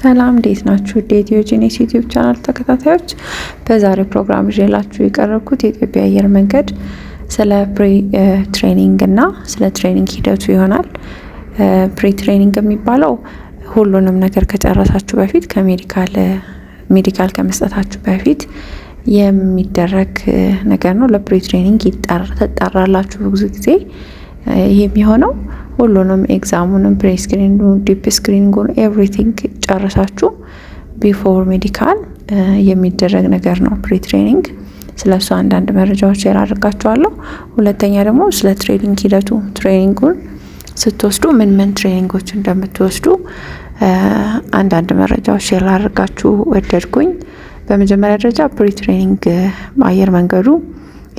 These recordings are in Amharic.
ሰላም እንዴት ናችሁ? ዲዮጀኔስ ዩቲዩብ ቻናል ተከታታዮች፣ በዛሬው ፕሮግራም ይዤላችሁ የቀረብኩት የኢትዮጵያ አየር መንገድ ስለ ፕሪ ትሬኒንግ እና ስለ ትሬኒንግ ሂደቱ ይሆናል። ፕሪ ትሬኒንግ የሚባለው ሁሉንም ነገር ከጨረሳችሁ በፊት ከሜዲካል ሜዲካል ከመስጠታችሁ በፊት የሚደረግ ነገር ነው። ለፕሪ ትሬኒንግ ትጠራላችሁ ብዙ ጊዜ ይህ የሚሆነው ሁሉንም ኤግዛሙንም ፕሬስክሪን ዲፕ ስክሪንጉን ኤቭሪቲንግ ጨርሳችሁ ቢፎር ሜዲካል የሚደረግ ነገር ነው ፕሪ ትሬኒንግ። ስለ እሱ አንዳንድ መረጃዎች ያደርጋችኋለሁ። ሁለተኛ ደግሞ ስለ ትሬኒንግ ሂደቱ ትሬኒንጉን ስትወስዱ ምን ምን ትሬኒንጎች እንደምትወስዱ አንዳንድ መረጃዎች ሼር ላደርጋችሁ ወደድኩኝ። በመጀመሪያ ደረጃ ፕሪ ትሬኒንግ አየር መንገዱ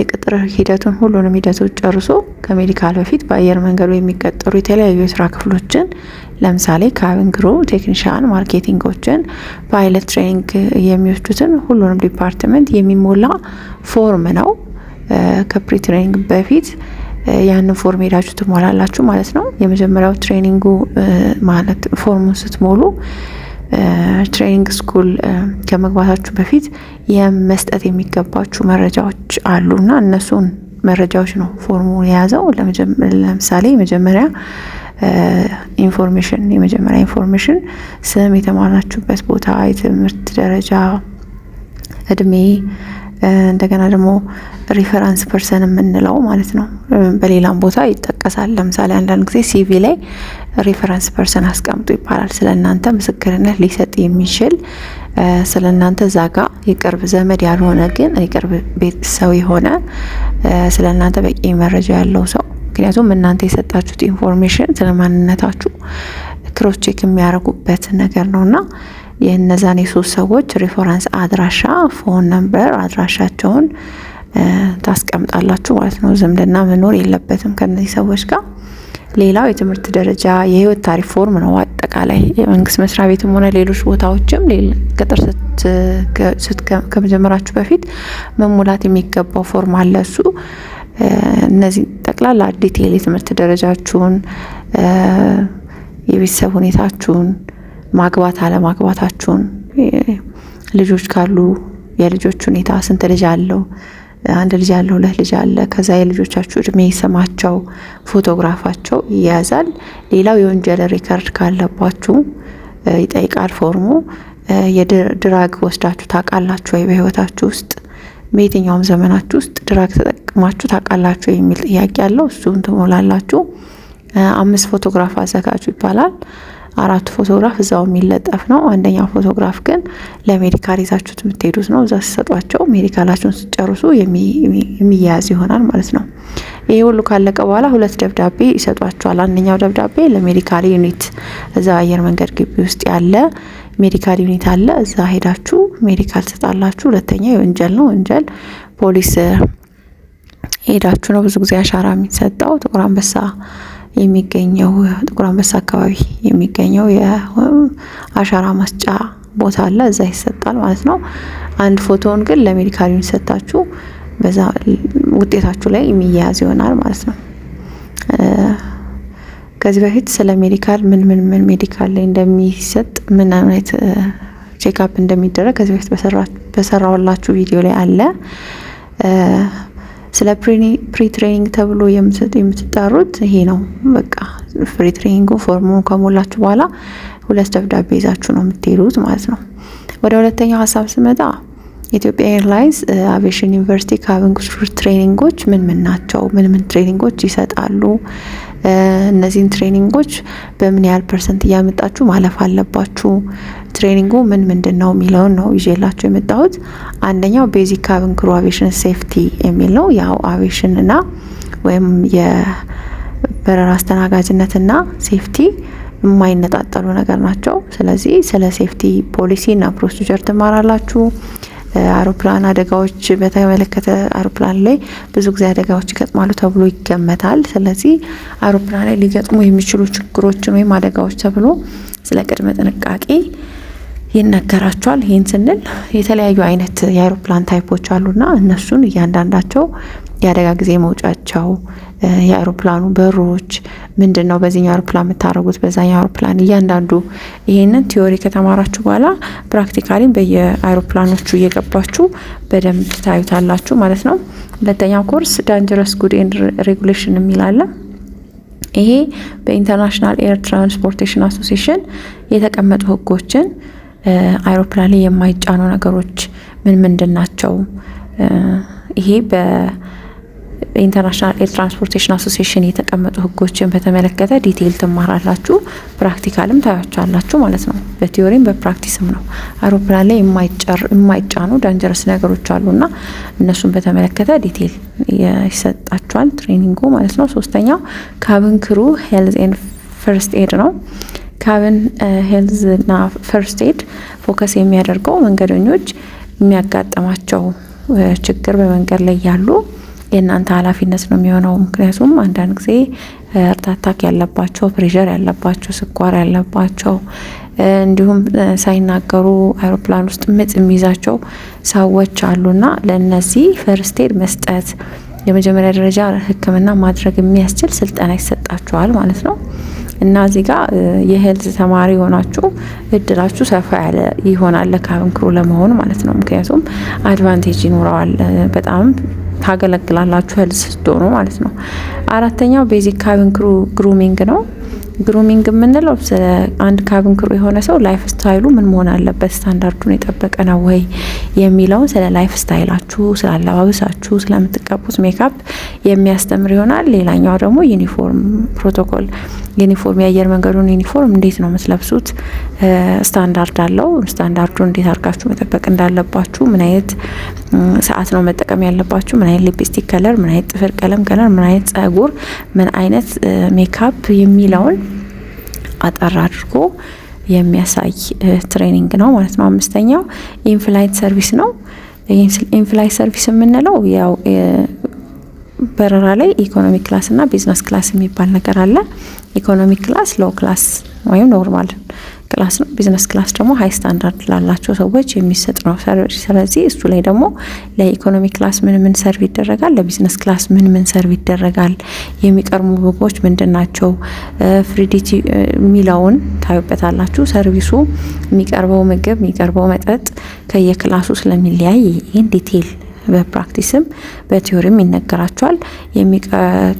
የቅጥር ሂደቱን ሁሉንም ሂደቶች ጨርሶ ከሜዲካል በፊት በአየር መንገዱ የሚቀጠሩ የተለያዩ የስራ ክፍሎችን ለምሳሌ ካቢን ክሩ፣ ቴክኒሽያን፣ ማርኬቲንጎችን ፓይለት ትሬኒንግ የሚወስዱትን ሁሉንም ዲፓርትመንት የሚሞላ ፎርም ነው። ከፕሪ ትሬኒንግ በፊት ያንን ፎርም ሄዳችሁ ትሞላላችሁ ማለት ነው። የመጀመሪያው ትሬኒንጉ ማለት ፎርሙን ስትሞሉ ትሬኒንግ ስኩል ከመግባታችሁ በፊት የመስጠት የሚገባችሁ መረጃዎች አሉ እና እነሱን መረጃዎች ነው ፎርሙ የያዘው። ለምሳሌ የመጀመሪያ ኢንፎርሜሽን የመጀመሪያ ኢንፎርሜሽን ስም፣ የተማራችሁበት ቦታ፣ የትምህርት ደረጃ፣ እድሜ እንደገና ደግሞ ሪፈረንስ ፐርሰን የምንለው ማለት ነው። በሌላም ቦታ ይጠቀሳል። ለምሳሌ አንዳንድ ጊዜ ሲቪ ላይ ሪፈረንስ ፐርሰን አስቀምጡ ይባላል። ስለ እናንተ ምስክርነት ሊሰጥ የሚችል ስለ እናንተ ዛጋ የቅርብ ዘመድ ያልሆነ ግን የቅርብ ቤተሰብ የሆነ ስለ እናንተ በቂ መረጃ ያለው ሰው ምክንያቱም እናንተ የሰጣችሁት ኢንፎርሜሽን ስለ ማንነታችሁ ክሮስ ቼክ የሚያደርጉበት ነገር ነውና የእነዛን የሶስት ሰዎች ሪፈረንስ አድራሻ፣ ፎን ነምበር አድራሻቸውን ታስቀምጣላችሁ ማለት ነው። ዝምድና መኖር የለበትም ከነዚህ ሰዎች ጋር። ሌላው የትምህርት ደረጃ የህይወት ታሪክ ፎርም ነው። አጠቃላይ የመንግስት መስሪያ ቤትም ሆነ ሌሎች ቦታዎችም ቅጥር ከመጀመራችሁ በፊት መሙላት የሚገባው ፎርም አለ። እሱ እነዚህ ጠቅላላ ዲቴይል የትምህርት ደረጃችሁን፣ የቤተሰብ ሁኔታችሁን ማግባት አለማግባታችሁን፣ ልጆች ካሉ የልጆች ሁኔታ፣ ስንት ልጅ አለው፣ አንድ ልጅ አለ፣ ሁለት ልጅ አለ፣ ከዛ የልጆቻችሁ እድሜ፣ ስማቸው፣ ፎቶግራፋቸው ይያዛል። ሌላው የወንጀል ሪከርድ ካለባችሁ ይጠይቃል ፎርሙ። የድራግ ወስዳችሁ ታውቃላችሁ ወይ በህይወታችሁ ውስጥ በየትኛውም ዘመናችሁ ውስጥ ድራግ ተጠቅማችሁ ታውቃላችሁ የሚል ጥያቄ አለው። እሱን ትሞላላችሁ። አምስት ፎቶግራፍ አዘጋጁ ይባላል። አራት ፎቶግራፍ እዛው የሚለጠፍ ነው። አንደኛው ፎቶግራፍ ግን ለሜዲካል ይዛችሁት የምትሄዱት ነው። እዛ ሲሰጧቸው ሜዲካላችሁን ስጨርሱ የሚያያዝ ይሆናል ማለት ነው። ይህ ሁሉ ካለቀ በኋላ ሁለት ደብዳቤ ይሰጧቸዋል። አንደኛው ደብዳቤ ለሜዲካል ዩኒት እዛ አየር መንገድ ግቢ ውስጥ ያለ ሜዲካል ዩኒት አለ። እዛ ሄዳችሁ ሜዲካል ትሰጣላችሁ። ሁለተኛ የወንጀል ነው። ወንጀል ፖሊስ ሄዳችሁ ነው ብዙ ጊዜ አሻራ የሚሰጠው። ጥቁር አንበሳ የሚገኘው ጥቁር አንበሳ አካባቢ የሚገኘው የአሻራ ማስጫ ቦታ አለ። እዛ ይሰጣል ማለት ነው። አንድ ፎቶውን ግን ለሜዲካል ዩኒት ሰጣችሁ በዛ ውጤታችሁ ላይ የሚያያዝ ይሆናል ማለት ነው። ከዚህ በፊት ስለ ሜዲካል ምን ምን ምን ሜዲካል ላይ እንደሚሰጥ ምን አይነት ቼክአፕ እንደሚደረግ ከዚህ በፊት በሰራሁላችሁ ቪዲዮ ላይ አለ። ስለ ፕሪ ትሬኒንግ ተብሎ የምትጠሩት ይሄ ነው። በቃ ፕሪ ትሬኒንጉ ፎርሙን ከሞላችሁ በኋላ ሁለት ደብዳቤ ይዛችሁ ነው የምትሄዱት ማለት ነው። ወደ ሁለተኛው ሀሳብ ስመጣ ኢትዮጵያ ኤርላይንስ አቪዬሽን ዩኒቨርሲቲ ካቨንኩሽ ትሬኒንጎች ምን ምን ናቸው? ምን ምን ትሬኒንጎች ይሰጣሉ? እነዚህን ትሬኒንጎች በምን ያህል ፐርሰንት እያመጣችሁ ማለፍ አለባችሁ? ትሬኒንጉ ምን ምንድን ነው የሚለውን ነው ይዤላቸው የመጣሁት። አንደኛው ቤዚክ ካብን ክሩ አቬሽን ሴፍቲ የሚል ነው። ያው አቪዬሽንና ወይም የበረራ አስተናጋጅነትና ሴፍቲ የማይነጣጠሉ ነገር ናቸው። ስለዚህ ስለ ሴፍቲ ፖሊሲና ፕሮሲጀር ትማራላችሁ። አውሮፕላን አደጋዎች በተመለከተ አውሮፕላን ላይ ብዙ ጊዜ አደጋዎች ይገጥማሉ ተብሎ ይገመታል። ስለዚህ አውሮፕላን ላይ ሊገጥሙ የሚችሉ ችግሮችን ወይም አደጋዎች ተብሎ ስለ ቅድመ ጥንቃቄ ይነገራቸዋል። ይህን ስንል የተለያዩ አይነት የአይሮፕላን ታይፖች አሉና እነሱን እያንዳንዳቸው የአደጋ ጊዜ መውጫቸው የአይሮፕላኑ በሮች ምንድን ነው፣ በዚህኛው አይሮፕላን የምታደርጉት በዛኛው አይሮፕላን እያንዳንዱ ይህንን ቲዮሪ ከተማራችሁ በኋላ ፕራክቲካሊም በየአይሮፕላኖቹ እየገባችሁ በደንብ ታዩታላችሁ ማለት ነው። ሁለተኛው ኮርስ ዳንጀረስ ጉድ ኤንድ ሬጉሌሽን የሚል አለ። ይሄ በኢንተርናሽናል ኤር ትራንስፖርቴሽን አሶሲሽን የተቀመጡ ህጎችን አይሮፕላን ላይ የማይጫኑ ነገሮች ምን ምንድን ናቸው? ይሄ በኢንተርናሽናል ኤር ትራንስፖርቴሽን አሶሲሽን የተቀመጡ ህጎችን በተመለከተ ዲቴይል ትማራላችሁ፣ ፕራክቲካልም ታያችኋላችሁ ማለት ነው። በቲዮሪም በፕራክቲስም ነው። አይሮፕላን ላይ የማይጫኑ ዳንጀረስ ነገሮች አሉና እነሱን በተመለከተ ዲቴይል ይሰጣችኋል ትሬኒንጉ ማለት ነው። ሶስተኛው ካብንክሩ ክሩ ሄልዝ ኤንድ ፈርስት ኤድ ነው። ሄልዝ ና ፈርስት ኤድ ፎከስ የሚያደርገው መንገደኞች የሚያጋጥማቸው ችግር በመንገድ ላይ ያሉ የእናንተ ኃላፊነት ነው የሚሆነው። ምክንያቱም አንዳንድ ጊዜ እርታታክ ያለባቸው፣ ፕሬሸር ያለባቸው፣ ስኳር ያለባቸው እንዲሁም ሳይናገሩ አይሮፕላን ውስጥ ምጥ የሚይዛቸው ሰዎች አሉና ለእነዚህ ፈርስት ኤድ መስጠት የመጀመሪያ ደረጃ ሕክምና ማድረግ የሚያስችል ስልጠና ይሰጣቸዋል ማለት ነው። እና እዚህ ጋር የሄልዝ ተማሪ የሆናችሁ እድላችሁ ሰፋ ያለ ይሆናል ለካንክሩ ለመሆኑ ማለት ነው። ምክንያቱም አድቫንቴጅ ይኖረዋል በጣም ታገለግላላችሁ ሄልዝ ስትሆኑ ማለት ነው። አራተኛው ቤዚክ ካቢን ክሩ ግሩሚንግ ነው። ግሩሚንግ የምንለው ስለ አንድ ካቢን ክሩ የሆነ ሰው ላይፍ ስታይሉ ምን መሆን አለበት፣ ስታንዳርዱን የጠበቀ ነው ወይ የሚለውን ስለ ላይፍ ስታይላችሁ፣ ስለ አለባበሳችሁ፣ ስለምትቀቡት ሜካፕ የሚያስተምር ይሆናል። ሌላኛው ደግሞ ዩኒፎርም ፕሮቶኮል ዩኒፎርም የአየር መንገዱን ዩኒፎርም እንዴት ነው የምትለብሱት? ስታንዳርድ አለው። ስታንዳርዱ እንዴት አድርጋችሁ መጠበቅ እንዳለባችሁ፣ ምን አይነት ሰዓት ነው መጠቀም ያለባችሁ፣ ምን አይነት ሊፕስቲክ ከለር፣ ምን አይነት ጥፍር ቀለም ከለር፣ ምን አይነት ጸጉር፣ ምን አይነት ሜካፕ የሚለውን አጠር አድርጎ የሚያሳይ ትሬኒንግ ነው ማለት ነው። አምስተኛው ኢንፍላይት ሰርቪስ ነው። ኢንፍላይት ሰርቪስ የምንለው ያው በረራ ላይ ኢኮኖሚ ክላስ እና ቢዝነስ ክላስ የሚባል ነገር አለ። ኢኮኖሚ ክላስ ሎ ክላስ ወይም ኖርማል ክላስ ነው። ቢዝነስ ክላስ ደግሞ ሀይ ስታንዳርድ ላላቸው ሰዎች የሚሰጥ ነው። ስለዚህ እሱ ላይ ደግሞ ለኢኮኖሚ ክላስ ምን ምን ሰርቭ ይደረጋል፣ ለቢዝነስ ክላስ ምን ምን ሰርቭ ይደረጋል፣ የሚቀርሙ ምግቦች ምንድን ናቸው፣ ፍሪዲቲ የሚለውን ታዩበታላችሁ። ሰርቪሱ የሚቀርበው ምግብ የሚቀርበው መጠጥ ከየክላሱ ስለሚለያይ ይህን ዲቴይል በፕራክቲስም በቲዮሪም ይነገራቸዋል።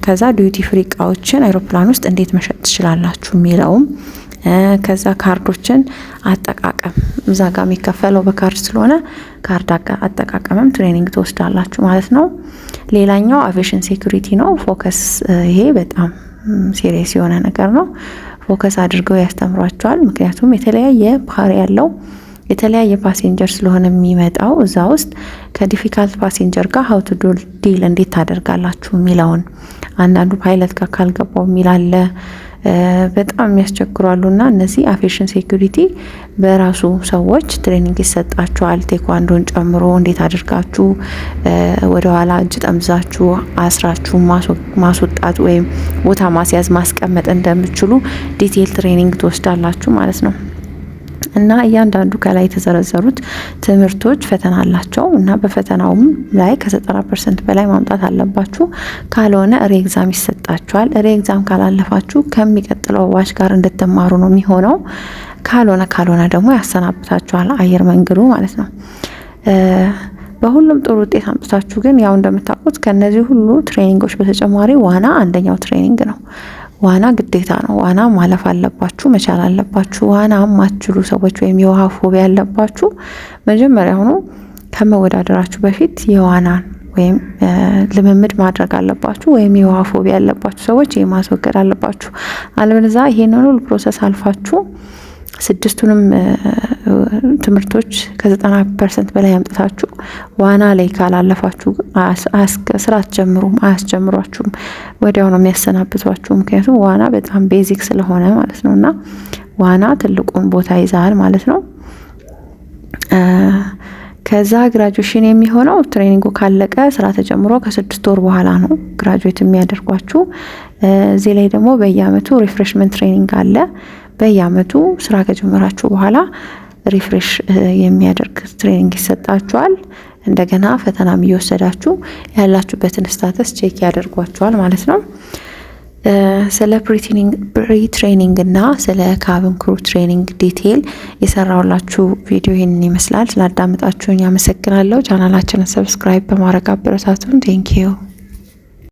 ከዛ ዲዩቲ ፍሪ እቃዎችን አይሮፕላን ውስጥ እንዴት መሸጥ ትችላላችሁ የሚለውም ከዛ ካርዶችን አጠቃቀም እዛ ጋ የሚከፈለው በካርድ ስለሆነ ካርድ አጠቃቀምም ትሬኒንግ ትወስዳላችሁ ማለት ነው። ሌላኛው አቪዬሽን ሴኩሪቲ ነው። ፎከስ ይሄ በጣም ሴሪየስ የሆነ ነገር ነው። ፎከስ አድርገው ያስተምሯቸዋል። ምክንያቱም የተለያየ ባህሪ ያለው የተለያየ ፓሴንጀር ስለሆነ የሚመጣው እዛ ውስጥ ከዲፊካልት ፓሴንጀር ጋር ሀውቱ ዲል እንዴት ታደርጋላችሁ የሚለውን አንዳንዱ ፓይለት ጋር ካልገባው የሚል አለ። በጣም የሚያስቸግሯሉ እና እነዚህ አፌሽን ሴኩሪቲ በራሱ ሰዎች ትሬኒንግ ይሰጣችኋል። ቴኳንዶን ጨምሮ እንዴት አድርጋችሁ ወደኋላ እጅ ጠምዛችሁ አስራችሁ ማስወጣት ወይም ቦታ ማስያዝ ማስቀመጥ እንደምችሉ ዲቴል ትሬኒንግ ትወስዳላችሁ ማለት ነው። እና እያንዳንዱ ከላይ የተዘረዘሩት ትምህርቶች ፈተና አላቸው እና በፈተናውም ላይ ከ90 ፐርሰንት በላይ ማምጣት አለባችሁ። ካልሆነ ሬግዛም ይሰጣችኋል። ሬግዛም ካላለፋችሁ ከሚቀጥለው ባች ጋር እንድትማሩ ነው የሚሆነው። ካልሆነ ካልሆነ ደግሞ ያሰናብታችኋል አየር መንገዱ ማለት ነው። በሁሉም ጥሩ ውጤት አምጥታችሁ ግን ያው እንደምታውቁት ከነዚህ ሁሉ ትሬኒንጎች በተጨማሪ ዋና አንደኛው ትሬኒንግ ነው። ዋና ግዴታ ነው። ዋና ማለፍ አለባችሁ፣ መቻል አለባችሁ። ዋና የማትችሉ ሰዎች ወይም የውሃ ፎቢያ ያለባችሁ መጀመሪያ ሆኖ ከመወዳደራችሁ በፊት የዋናን ወይም ልምምድ ማድረግ አለባችሁ። ወይም የውሃ ፎቢያ ያለባችሁ ሰዎች ይህ ማስወገድ አለባችሁ። አለበለዚያ ይሄንን ሁሉ ፕሮሰስ አልፋችሁ ስድስቱንም ትምህርቶች ከዘጠና ፐርሰንት በላይ አምጥታችሁ ዋና ላይ ካላለፋችሁ ስራ አትጀምሩም፣ አያስጀምሯችሁም። ወዲያው ነው የሚያሰናብቷችሁ። ምክንያቱም ዋና በጣም ቤዚክ ስለሆነ ማለት ነው። እና ዋና ትልቁን ቦታ ይዛል ማለት ነው። ከዛ ግራጁዌሽን የሚሆነው ትሬኒንጉ ካለቀ ስራ ተጀምሮ ከስድስት ወር በኋላ ነው ግራጁዌት የሚያደርጓችሁ። እዚህ ላይ ደግሞ በየአመቱ ሪፍሬሽመንት ትሬኒንግ አለ። በየአመቱ ስራ ከጀመራችሁ በኋላ ሪፍሬሽ የሚያደርግ ትሬኒንግ ይሰጣችኋል። እንደገና ፈተናም እየወሰዳችሁ ያላችሁበትን ስታተስ ቼክ ያደርጓችኋል ማለት ነው። ስለ ፕሪትሬኒንግ እና ስለ ካብን ክሩ ትሬኒንግ ዲቴይል የሰራውላችሁ ቪዲዮ ይህንን ይመስላል። ስላዳመጣችሁን ያመሰግናለሁ። ቻናላችንን ሰብስክራይብ በማድረግ አበረታቱን። ቴንኪዩ